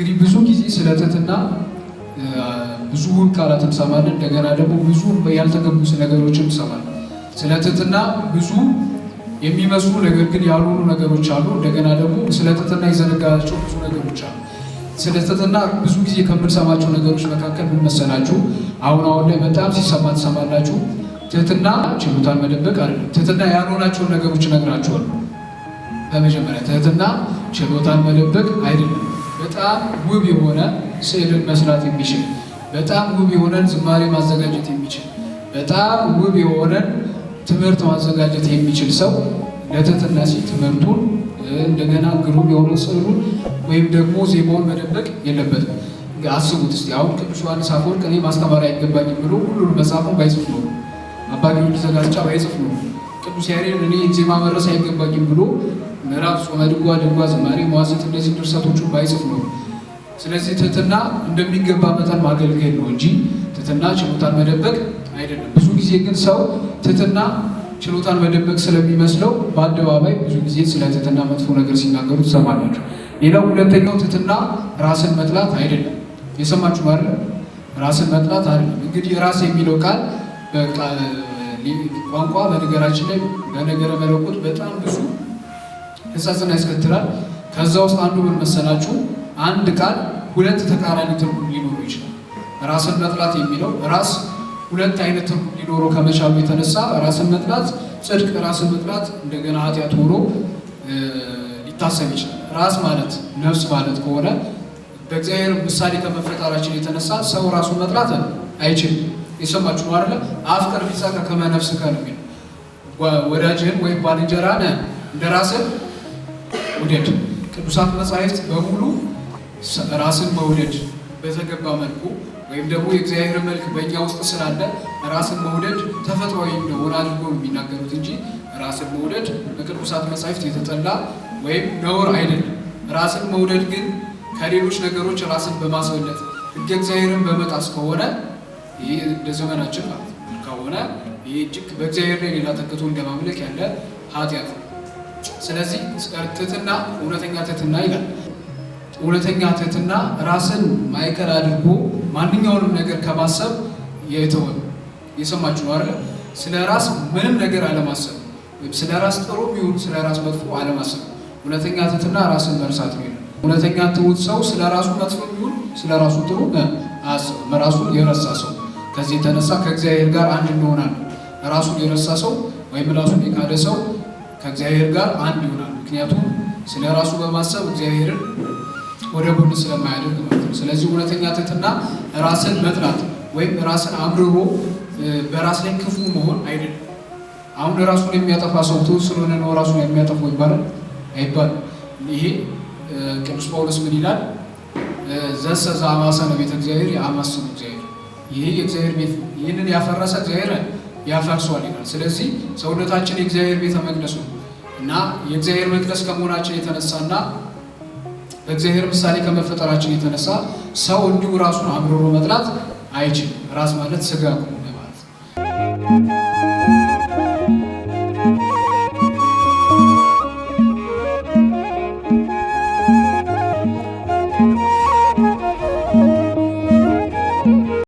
እንግዲህ ብዙ ጊዜ ስለ ትህትና ብዙውን ቃላት እንሰማለን። እንደገና ደግሞ ብዙ ያልተገቡ ነገሮችን እንሰማለን። ስለ ትህትና ብዙ የሚመስሉ ነገር ግን ያልሆኑ ነገሮች አሉ። እንደገና ደግሞ ስለ ትህትና የዘነጋቸው ብዙ ነገሮች አሉ። ስለ ትህትና ብዙ ጊዜ ከምንሰማቸው ነገሮች መካከል ምን መሰላችሁ? አሁን አሁን ላይ በጣም ሲሰማ ትሰማላችሁ። ትህትና ችሎታን መደበቅ አይደለም። ትህትና ያልሆናቸውን ነገሮች እነግራችኋለሁ። በመጀመሪያ ትህትና ችሎታን መደበቅ አይደለም። በጣም ውብ የሆነ ስዕልን መስራት የሚችል በጣም ውብ የሆነን ዝማሬ ማዘጋጀት የሚችል በጣም ውብ የሆነን ትምህርት ማዘጋጀት የሚችል ሰው ለተተናሲ ትምህርቱን እንደገና ግሩም የሆነ ስዕሉን ወይም ደግሞ ዜማውን መደበቅ የለበትም። አስቡት እስቲ አሁን ቅዱስ ዮሐንስ አፈወርቅ እኔ ማስተማሪያ አይገባኝም ብሎ ሁሉን መጽሐፉን ባይጽፍ ነው። አባ ጊዮርጊስ ዘጋስጫ ባይጽፍ ነው። ቅዱስ ያሬድ እኔ ዜማ መድረስ አይገባኝም ብሎ ምዕራፍ፣ ጾመ ድጓ፣ ድጓ፣ ዝማሬ፣ መዋሥዕት እነዚህ ድርሰቶቹን ባይጽፍ ነው። ስለዚህ ትህትና እንደሚገባ መጠን ማገልገል ነው እንጂ ትህትና ችሎታን መደበቅ አይደለም። ብዙ ጊዜ ግን ሰው ትህትና ችሎታን መደበቅ ስለሚመስለው በአደባባይ ብዙ ጊዜ ስለ ትህትና መጥፎ ነገር ሲናገሩ ትሰማላችሁ። ሌላው ሁለተኛው ትህትና ራስን መጥላት አይደለም። የሰማችሁ አይደለ? ራስን መጥላት አይደለም። እንግዲህ ራስ የሚለው ቃል ቋንቋ በነገራችን ላይ በነገረ መለኮት በጣም ብዙ ሕጸጽን ያስከትላል። ከዛ ውስጥ አንዱ ምን መሰላችሁ? አንድ ቃል ሁለት ተቃራኒ ትርጉም ሊኖረው ይችላል። ራስን መጥላት የሚለው ራስ ሁለት አይነት ትርጉም ሊኖረው ከመቻሉ የተነሳ ራስን መጥላት ጽድቅ፣ ራስን መጥላት እንደገና ኃጢአት ሆኖ ሊታሰብ ይችላል። ራስ ማለት ነፍስ ማለት ከሆነ በእግዚአብሔር ምሳሌ ከመፈጠራችን የተነሳ ሰው ራሱን መጥላት አይችልም። የሰማችሁ አይደለ? አፍቅር ቢጸከ ከመ ነፍስከ ነው የሚለው ወዳጅህን ወይም ባልንጀራህን እንደ ራስህ ውደድ። ቅዱሳት መጻሕፍት በሙሉ ራስን መውደድ በተገባ መልኩ ወይም ደግሞ የእግዚአብሔር መልክ በእኛ ውስጥ ስላለ ራስን መውደድ ተፈጥሯዊ እንደሆነ አድርጎ የሚናገሩት እንጂ ራስን መውደድ በቅዱሳት መጻሕፍት የተጠላ ወይም ነውር አይደለም። ራስን መውደድ ግን ከሌሎች ነገሮች ራስን በማስበለጥ ሕገ እግዚአብሔርን በመጣስ ከሆነ ይህ እንደ ዘመናችን ማለት ከሆነ ይህ እጅግ በእግዚአብሔር ላይ ሌላ ተክቶ እንደማምለክ ያለ ኃጢአት ነው። ስለዚህ ትህትና እውነተኛ ትህትና ይላል። እውነተኛ ትህትና ራስን ማዕከል አድርጎ ማንኛውንም ነገር ከማሰብ የተወ የሰማችሁ ነው አይደል? ስለ ራስ ምንም ነገር አለማሰብ ወይም ስለ ራስ ጥሩ ቢሆን ስለ ራስ መጥፎ አለማሰብ። እውነተኛ ትህትና ራስን መርሳት ነው። እውነተኛ ትሁት ሰው ስለ ራሱ መጥፎ ቢሆን ስለ ራሱ ጥሩ አያስብም። ራሱን የረሳ ሰው ከዚህ የተነሳ ከእግዚአብሔር ጋር አንድ እንሆናለን። ራሱን የረሳ ሰው ወይም ራሱን የካደ ሰው ከእግዚአብሔር ጋር አንድ ይሆናል። ምክንያቱም ስለ ራሱ በማሰብ እግዚአብሔርን ወደ ጎን ስለማያደርግ ማለት ነው። ስለዚህ እውነተኛ ትህትና ራስን መጥላት ወይም ራስን አምርሮ በራስ ላይ ክፉ መሆን አይደለም። አሁን ራሱን የሚያጠፋ ሰው ትሁት ስለሆነ ነው ራሱን የሚያጠፋው ይባላል አይባልም። ይሄ ቅዱስ ጳውሎስ ምን ይላል? ዘሰ ዘአማሰ ነው ቤተ እግዚአብሔር የአማስኑ እግዚአብሔር ይሄ የእግዚአብሔር ቤት ይህንን ያፈረሰ እግዚአብሔር ያፈርሷል ይላል። ስለዚህ ሰውነታችን የእግዚአብሔር ቤተ መቅደሱ እና የእግዚአብሔር መቅደስ ከመሆናችን የተነሳና በእግዚአብሔር ምሳሌ ከመፈጠራችን የተነሳ ሰው እንዲሁ ራሱን አምርሮ መጥላት አይችልም። ራስ ማለት ስጋ ማለት ነው።